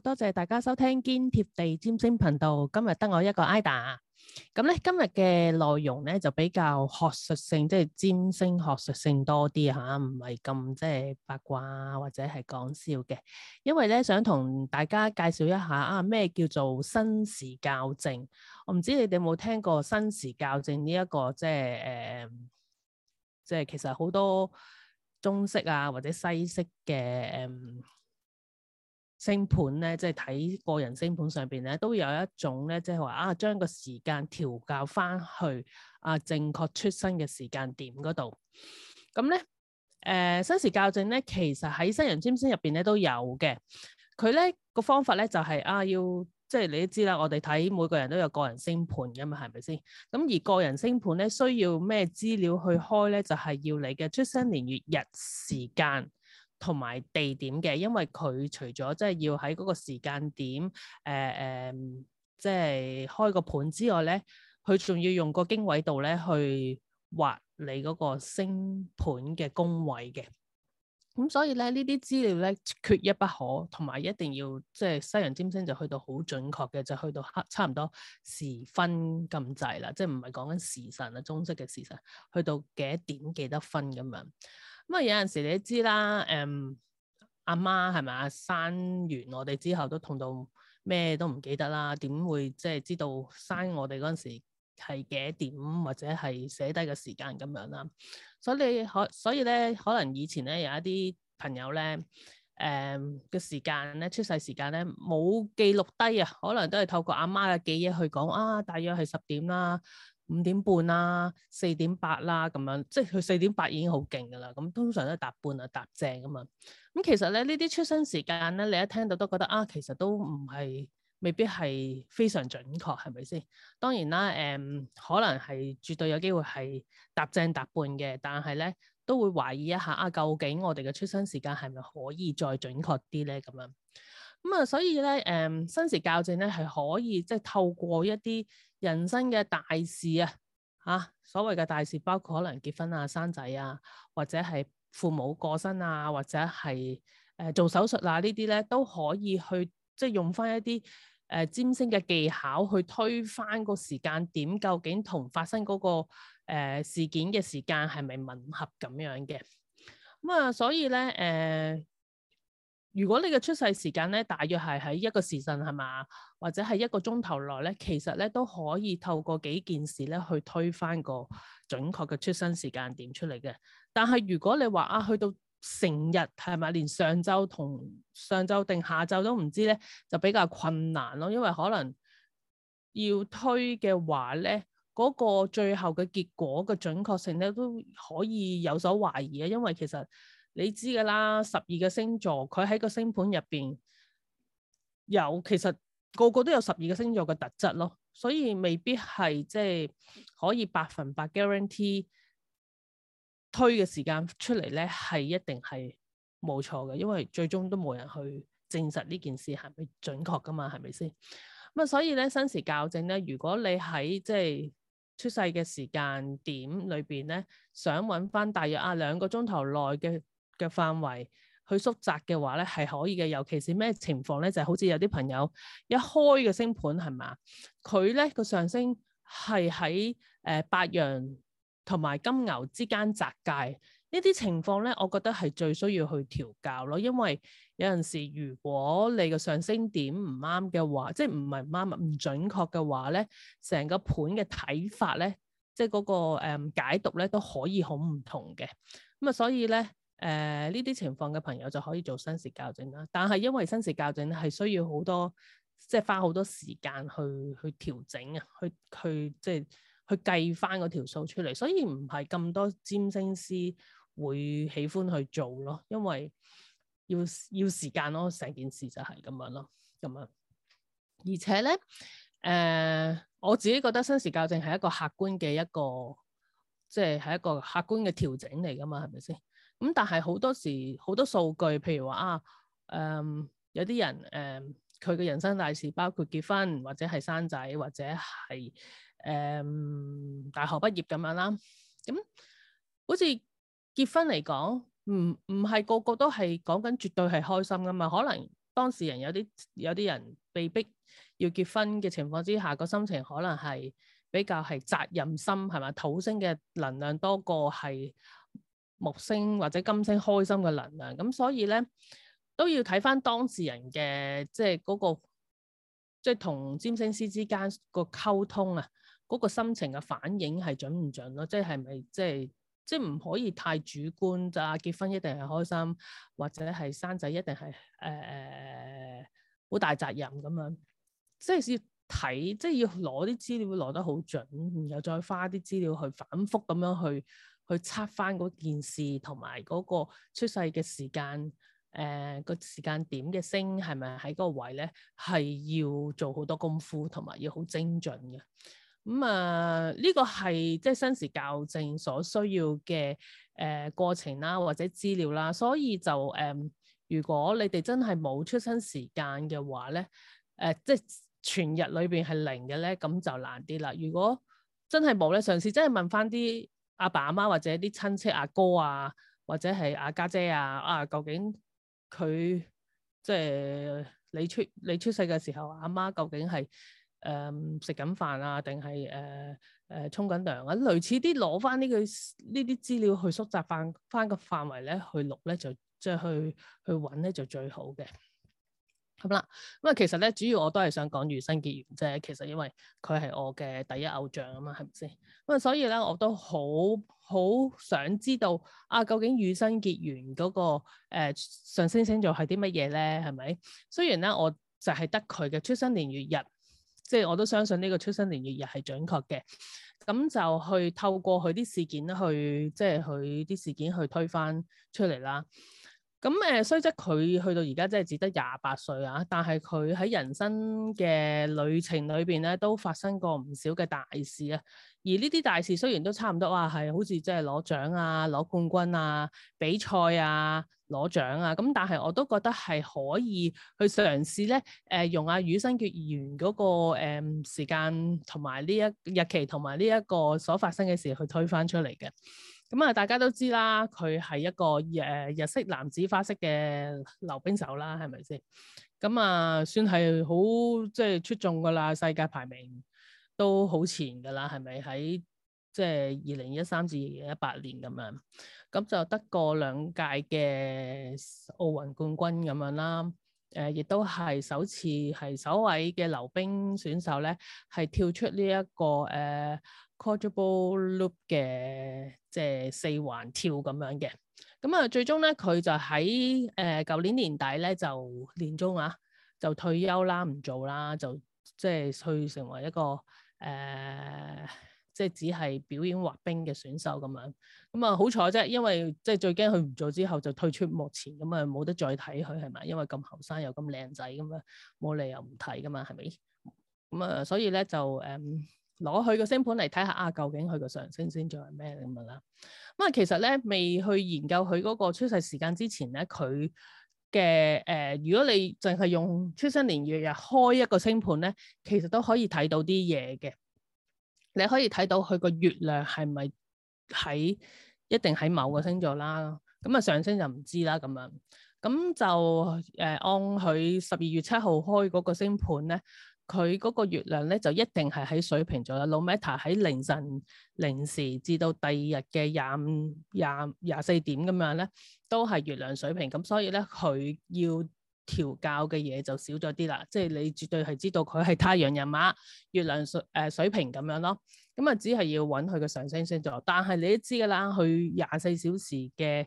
多謝大家收聽堅貼地占星頻道。今日得我一個 ida，咁咧今日嘅內容咧就比較學術性，即係占星學術性多啲吓，唔係咁即係八卦或者係講笑嘅。因為咧想同大家介紹一下啊，咩叫做生時校正？我唔知你哋有冇聽過生時校正呢、這、一個即係誒，即係、呃、其實好多中式啊或者西式嘅誒。呃星盤咧，即係睇個人星盤上邊咧，都有一種咧，即係話啊，將個時間調校翻去啊正確出生嘅時間點嗰度。咁、嗯、咧，誒、呃、新時校正生時校正咧，其實喺西洋占星入邊咧都有嘅。佢咧個方法咧就係、是、啊，要即係你都知啦，我哋睇每個人都有個人星盤嘅嘛，係咪先？咁、嗯、而個人星盤咧需要咩資料去開咧？就係、是、要你嘅出生年月日時間。同埋地點嘅，因為佢除咗即係要喺嗰個時間點誒誒、呃呃，即係開個盤之外咧，佢仲要用個經緯度咧去畫你嗰個星盤嘅宮位嘅。咁所以咧呢啲資料咧缺一不可，同埋一定要即係西洋占星就去到好準確嘅，就去到差差唔多時分咁滯啦，即係唔係講緊時辰啊，中式嘅時辰去到幾多點幾多分咁樣。咁啊有陣時你都知啦，誒、嗯、阿媽係咪啊生完我哋之後都痛到咩都唔記得啦，點會即係、就是、知道生我哋嗰陣時係幾點或者係寫低嘅時間咁樣啦？所以可所以咧，可能以前咧有一啲朋友咧，誒、嗯、嘅時間咧出世時間咧冇記錄低啊，可能都係透過阿媽嘅記憶去講啊，大約係十點啦。五點半啦，四點八啦，咁樣即係佢四點八已經好勁㗎啦。咁通常都係搭半啊，搭正㗎、啊、嘛。咁、嗯、其實咧，呢啲出生時間咧，你一聽到都覺得啊，其實都唔係，未必係非常準確，係咪先？當然啦，誒、嗯、可能係絕對有機會係搭正搭半嘅，但係咧都會懷疑一下啊，究竟我哋嘅出生時間係咪可以再準確啲咧？咁樣咁啊、嗯，所以咧誒生時校正咧係可以即係、就是、透過一啲人生嘅大事啊，嚇、啊，所謂嘅大事包括可能結婚啊、生仔啊，或者係父母過身啊，或者係誒、呃、做手術嗱、啊、呢啲咧，都可以去即係用返一啲誒占星嘅技巧去推返個時間點究竟同發生嗰、那個、呃、事件嘅時間係咪吻合咁樣嘅？咁、嗯、啊，所以咧誒。呃如果你嘅出世時間咧，大約係喺一個時辰係嘛，或者係一個鐘頭內咧，其實咧都可以透過幾件事咧去推返個準確嘅出生時間點出嚟嘅。但係如果你話啊，去到成日係咪連上晝同上晝定下晝都唔知咧，就比較困難咯，因為可能要推嘅話咧，嗰個最後嘅結果嘅準確性咧都可以有所懷疑啊，因為其實。你知噶啦，十二個星座，佢喺個星盤入邊有，其實個個都有十二個星座嘅特質咯，所以未必係即係可以百分百 guarantee 推嘅時間出嚟咧，係一定係冇錯嘅，因為最終都冇人去證實呢件事係咪準確噶嘛，係咪先？咁啊，所以咧生時校正咧，如果你喺即係出世嘅時間點裏邊咧，想揾翻大約啊兩個鐘頭內嘅。嘅範圍去縮窄嘅話咧，係可以嘅。尤其是咩情況咧，就係、是、好似有啲朋友一開嘅星盤係嘛，佢咧個上升係喺誒白羊同埋金牛之間窄界況呢啲情況咧，我覺得係最需要去調教咯。因為有陣時，如果你個上升點唔啱嘅話，即係唔係唔啱啊？唔準確嘅話咧，成個盤嘅睇法咧，即係、那、嗰個、嗯、解讀咧，都可以好唔同嘅。咁、嗯、啊，所以咧。誒呢啲情況嘅朋友就可以做生時校正啦，但係因為生時校正係需要好多，即係花好多時間去去調整啊，去去，去即係去計返嗰條數出嚟，所以唔係咁多占星師會喜歡去做咯，因為要要時間咯，成件事就係咁樣咯，咁樣而且咧誒、呃，我自己覺得生時校正係一個客觀嘅一個，即係係一個客觀嘅調整嚟㗎嘛，係咪先？咁、嗯、但係好多時好多數據，譬如話啊，誒、嗯、有啲人誒佢嘅人生大事，包括結婚或者係生仔或者係誒、嗯、大學畢業咁樣啦。咁好似結婚嚟講，唔唔係個個都係講緊絕對係開心噶嘛？可能當事人有啲有啲人被逼要結婚嘅情況之下，個心情可能係比較係責任心係咪？土星嘅能量多過係，木星或者金星開心嘅能量，咁所以咧都要睇翻當事人嘅即係嗰個即係同占星師之間個溝通啊，嗰個心情嘅反應係準唔準咯？即係係咪即係即係唔可以太主觀？咋結婚一定係開心，或者係生仔一定係誒好大責任咁樣？即係要睇，即係要攞啲資料攞得好準，然後再花啲資料去反覆咁樣去。去測翻嗰件事同埋嗰個出世嘅時間，誒、呃、個時間點嘅升係咪喺嗰個位咧？係要做好多功夫同埋要好精準嘅。咁、嗯、啊，呢、呃這個係即係生時校正所需要嘅誒、呃、過程啦，或者資料啦。所以就誒、呃，如果你哋真係冇出生時間嘅話咧，誒即係全日裏邊係零嘅咧，咁就難啲啦。如果真係冇咧，嘗試真係問翻啲。阿爸阿媽或者啲親戚阿哥啊，或者係阿家姐啊，啊，究竟佢即係你出你出世嘅時候，阿媽究竟係誒食緊飯啊，定係誒誒沖緊涼啊？類似啲攞翻呢句呢啲資料去縮窄範翻個範圍咧，去錄咧就即係去去揾咧就最好嘅。咁啦，咁啊、嗯，其實咧，主要我都係想講羽生結弦啫。其實因為佢係我嘅第一偶像啊嘛，係咪先？咁啊，所以咧，我都好好想知道啊，究竟羽生結弦嗰、那個、呃、上升星座係啲乜嘢咧？係咪？雖然咧，我就係得佢嘅出生年月日，即、就、係、是、我都相信呢個出生年月日係準確嘅。咁就去透過佢啲事件去，即係佢啲事件去推返出嚟啦。咁誒，雖則佢去到而家真係只得廿八歲啊，但係佢喺人生嘅旅程裏邊咧，都發生過唔少嘅大事啊。而呢啲大事雖然都差唔多話係、啊、好似即係攞獎啊、攞冠軍啊、比賽啊、攞獎啊，咁但係我都覺得係可以去嘗試咧，誒、呃、用阿、啊、宇生結衣羽生結弦嗰個誒、嗯、時間同埋呢一日期同埋呢一個所發生嘅事去推返出嚟嘅。咁啊、嗯，大家都知啦，佢係一個誒日式男子花式嘅溜冰手啦，係咪先？咁、嗯、啊、嗯，算係好即係出眾㗎喇，世界排名都好前㗎喇，係咪喺即係二零一三至一八年咁樣？咁、嗯、就得過兩屆嘅奧運冠軍咁樣啦。誒，亦都係首次係首位嘅溜冰選手咧，係跳出呢、這、一個誒 quadruple loop 嘅，即係四環跳咁樣嘅。咁、嗯、啊，最終咧，佢就喺誒舊年年底咧，就年中啊，就退休啦，唔做啦，就即係去成為一個誒，呃即係只係表演滑冰嘅選手咁樣，咁啊好彩啫，因為即係最驚佢唔做之後就退出幕前，咁啊冇得再睇佢係咪？因為咁後生又咁靚仔咁啊，冇理由唔睇噶嘛，係咪？咁啊，所以咧就誒攞佢個星盤嚟睇下啊，究竟佢個上升星座係咩咁啊啦？咁啊，其實咧未去研究佢嗰個出世時間之前咧，佢嘅誒，如果你淨係用出生年月日開一個星盤咧，其實都可以睇到啲嘢嘅。你可以睇到佢個月亮係咪喺一定喺某個星座啦，咁啊上升就唔知啦咁樣，咁就誒、呃、按佢十二月七號開嗰個星盤咧，佢嗰個月亮咧就一定係喺水瓶座啦。老 Meta 喺凌晨零時至到第二日嘅廿五廿廿四點咁樣咧，都係月亮水瓶，咁所以咧佢要。調教嘅嘢，就少咗啲啦，即係你絕對係知道佢係太陽、人馬、月亮水誒、呃、水瓶咁樣咯，咁啊只係要揾佢嘅上升星座，但係你都知噶啦，佢廿四小時嘅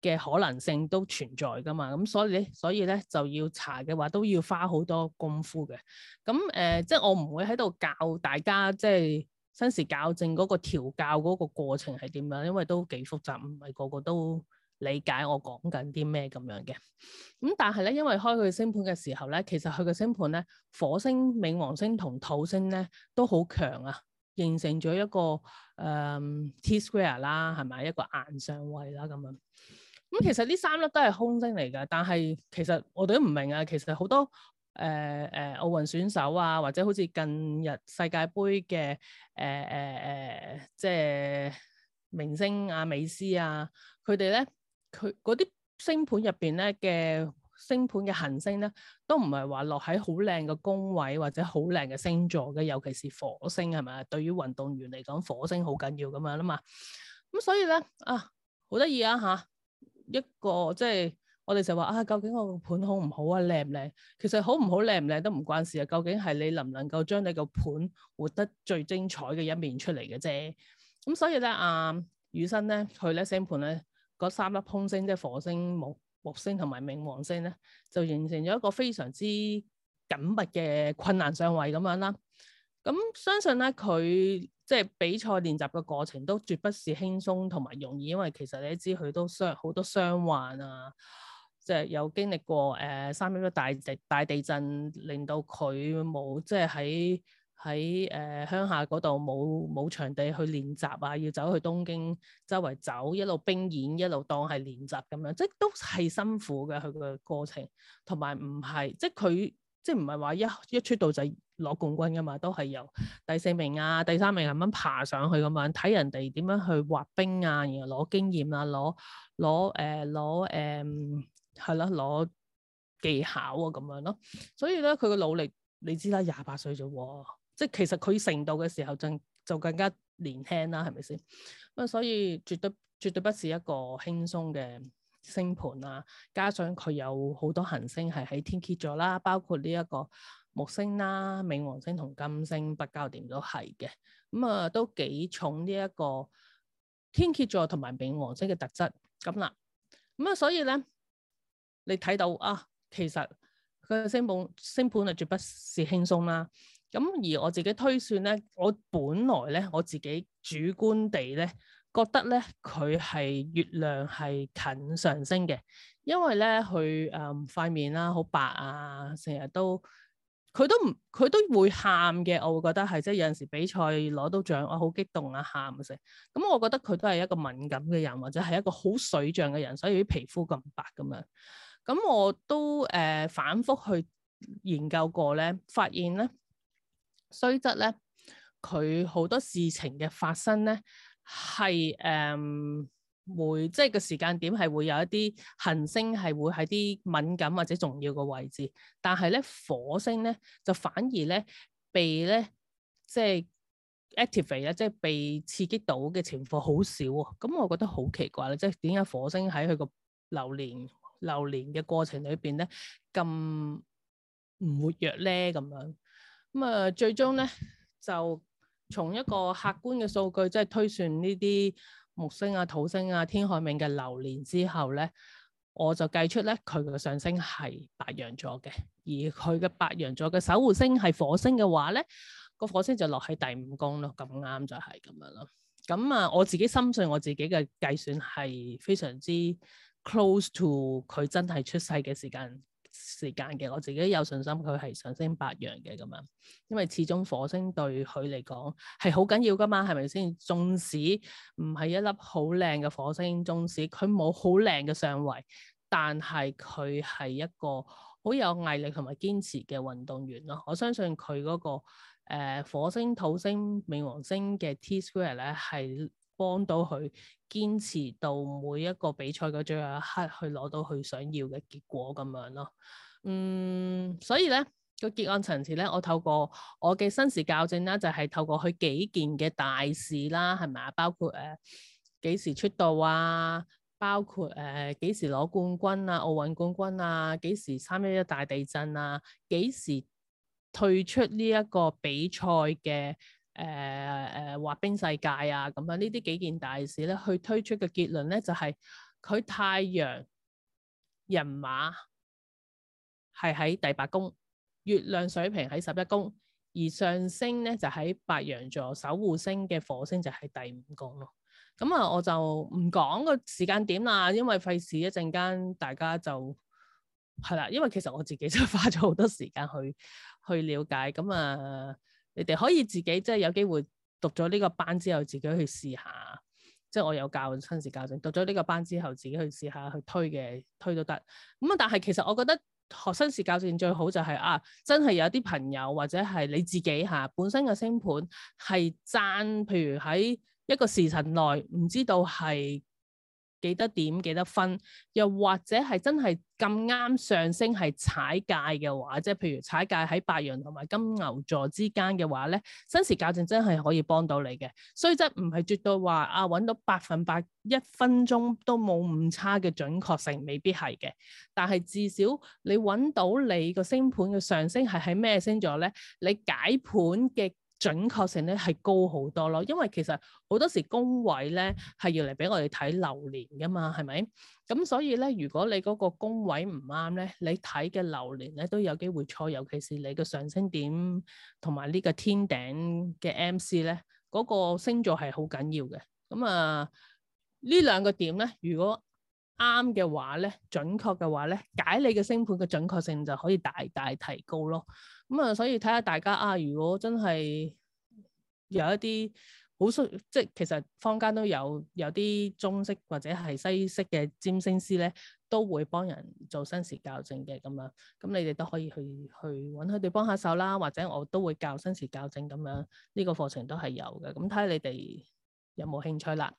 嘅可能性都存在噶嘛，咁所以所以咧就要查嘅話都要花好多功夫嘅，咁誒、呃、即係我唔會喺度教大家即係生時校正嗰個調教嗰個過程係點樣，因為都幾複雜，唔係個個都。理解我講緊啲咩咁樣嘅，咁、嗯、但係咧，因為開佢星盤嘅時候咧，其實佢嘅星盤咧，火星、冥王星同土星咧都好強啊，形成咗一個誒、呃、T-square 啦，係咪一個硬上位啦咁啊？咁、嗯、其實呢三粒都係空星嚟㗎，但係其實我哋都唔明啊。其實好多誒誒、呃呃、奧運選手啊，或者好似近日世界盃嘅誒誒誒，即係明星啊美斯啊，佢哋咧。佢嗰啲星盤入邊咧嘅星盤嘅行星咧，都唔係話落喺好靚嘅宮位或者好靚嘅星座嘅，尤其是火星係咪啊？對於運動員嚟講，火星好緊要咁樣啦嘛。咁所以咧啊，好得意啊吓，一個即係我哋就話啊，究竟我個盤好唔好啊，靚唔靚？其實好唔好靚唔靚都唔關事啊，究竟係你能唔能夠將你個盤活得最精彩嘅一面出嚟嘅啫。咁所以咧啊，羽生咧，佢咧星盤咧。嗰三粒空星，即係火星、木木星同埋冥王星咧，就形成咗一個非常之緊密嘅困難相位咁樣啦。咁相信咧，佢即係比賽練習嘅過程都絕不是輕鬆同埋容易，因為其實你都知佢都傷好多傷患啊，即係有經歷過誒三一一大地大地震，令到佢冇即係喺。喺誒、呃、鄉下嗰度冇冇場地去練習啊，要走去東京周圍走，一路冰演一路當係練習咁樣，即係都係辛苦嘅佢個過程，同埋唔係即係佢即係唔係話一一出道就攞冠軍㗎嘛，都係由第四名啊、第三名咁樣爬上去咁樣，睇人哋點樣去滑冰啊，然後攞經驗啊，攞攞誒攞誒係啦攞技巧啊咁樣咯，所以咧佢嘅努力你知啦，廿八歲啫喎。即係其實佢成道嘅時候就就更加年輕啦，係咪先？咁啊，所以絕對絕對不是一個輕鬆嘅星盤啊！加上佢有好多行星係喺天蠍座啦，包括呢一個木星啦、冥王星同金星北交點都係嘅。咁、嗯、啊，都幾重呢一個天蠍座同埋冥王星嘅特質咁啦。咁、嗯、啊，所以咧，你睇到啊，其實佢個星盤星盤啊，絕不是輕鬆啦。咁而我自己推算咧，我本來咧我自己主觀地咧覺得咧，佢係月亮係近上升嘅，因為咧佢誒塊面啦好白啊，成日都佢都唔佢都會喊嘅，我會覺得係即係有陣時比賽攞到獎我好激動啊，喊嘅、啊。先。咁、嗯、我覺得佢都係一個敏感嘅人，或者係一個好水象嘅人，所以啲皮膚咁白咁樣。咁、嗯、我都誒、呃、反覆去研究過咧，發現咧。雖則咧，佢好多事情嘅發生咧，係誒、呃、會即係個時間點係會有一啲行星係會喺啲敏感或者重要嘅位置，但係咧火星咧就反而咧被咧即係 activate 咧，即係被刺激到嘅情況好少喎、哦。咁我覺得好奇怪啦，即係點解火星喺佢個流年流年嘅過程裏邊咧咁唔活躍咧咁樣？咁啊、嗯，最終咧就從一個客觀嘅數據，即係推算呢啲木星啊、土星啊、天海冥嘅流年之後咧，我就計出咧佢嘅上升係白羊座嘅，而佢嘅白羊座嘅守護星係火星嘅話咧，個火星就落喺第五宮咯，咁啱就係咁樣咯。咁、嗯、啊，我自己深信我自己嘅計算係非常之 close to 佢真係出世嘅時間。時間嘅，我自己有信心佢係上升白羊嘅咁樣，因為始終火星對佢嚟講係好緊要噶嘛，係咪先？縱使唔係一粒好靚嘅火星，縱使佢冇好靚嘅上圍，但係佢係一個好有毅力同埋堅持嘅運動員咯。我相信佢嗰、那個誒、呃、火星土星冥王星嘅 T square 咧係。幫到佢堅持到每一個比賽嘅最後一刻，去攞到佢想要嘅結果咁樣咯。嗯，所以咧、那個結案層次咧，我透過我嘅生時校正啦，就係、是、透過佢幾件嘅大事啦，係咪，包括誒、呃、幾時出道啊，包括誒、呃、幾時攞冠軍啊，奧運冠軍啊，幾時參與一大地震啊，幾時退出呢一個比賽嘅。誒誒、滑冰，呃呃、世界啊，咁樣呢啲幾件大事咧，去推出嘅結論咧，就係、是、佢太陽人馬係喺第八宮，月亮水瓶喺十一宮，而上升咧就喺白羊座守護星嘅火星就係第五宮咯。咁、嗯、啊，我就唔講個時間點啦，因為費事一陣間大家就係啦，因為其實我自己就花咗好多時間去去了解咁啊。嗯呃你哋可以自己即係有機會讀咗呢個班之後，自己去試下。即係我有教生時校正，讀咗呢個班之後，自己去試下去推嘅，推都得。咁啊，但係其實我覺得學生時校正最好就係、是、啊，真係有啲朋友或者係你自己嚇、啊、本身嘅星盤係爭，譬如喺一個時辰內唔知道係。幾多點幾多分，又或者係真係咁啱上升係踩界嘅話，即係譬如踩界喺白羊同埋金牛座之間嘅話咧，生時校正真係可以幫到你嘅。所以雖則唔係絕對話啊揾到百分百一分鐘都冇誤差嘅準確性，未必係嘅。但係至少你揾到你個星盤嘅上升係喺咩星座咧，你解盤嘅準確性咧係高好多咯，因為其實好多時宮位咧係要嚟俾我哋睇流年噶嘛，係咪？咁所以咧，如果你嗰個宮位唔啱咧，你睇嘅流年咧都有機會錯，尤其是你嘅上升點同埋呢個天頂嘅 MC 咧，嗰、那個星座係好緊要嘅。咁啊，呢兩個點咧，如果啱嘅話咧，準確嘅話咧，解你嘅星盤嘅準確性就可以大大提高咯。咁啊、嗯，所以睇下大家啊，如果真係有一啲好熟，即係其實坊間都有有啲中式或者係西式嘅占星師咧，都會幫人做生時校正嘅咁樣，咁你哋都可以去去揾佢哋幫下手啦，或者我都會教生時校正咁樣，呢個課程都係有嘅。咁睇下你哋有冇興趣啦？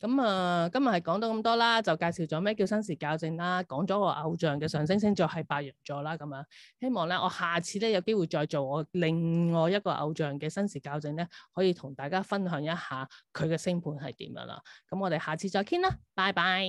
咁啊、呃，今日係講到咁多啦，就介紹咗咩叫生時校正啦，講咗我偶像嘅上升星座係白羊座啦，咁啊，希望咧我下次咧有機會再做我另外一個偶像嘅生時校正咧，可以同大家分享一下佢嘅星盤係點樣啦。咁我哋下次再傾啦，拜拜。